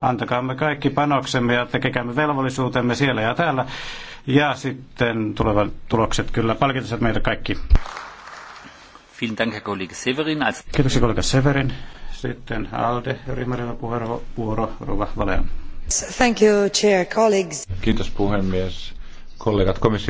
Antakaamme kaikki panoksemme ja tekekäämme velvollisuutemme siellä ja täällä. Ja sitten tulevat tulokset kyllä palkitsevat meitä kaikki. Kiitoksia kollega Severin. Sitten Alde, ryhmäryhmä puheenvuoro, Rova Valean. Thank you, chair, colleagues. Kiitos puhemies. Kollegat komissio.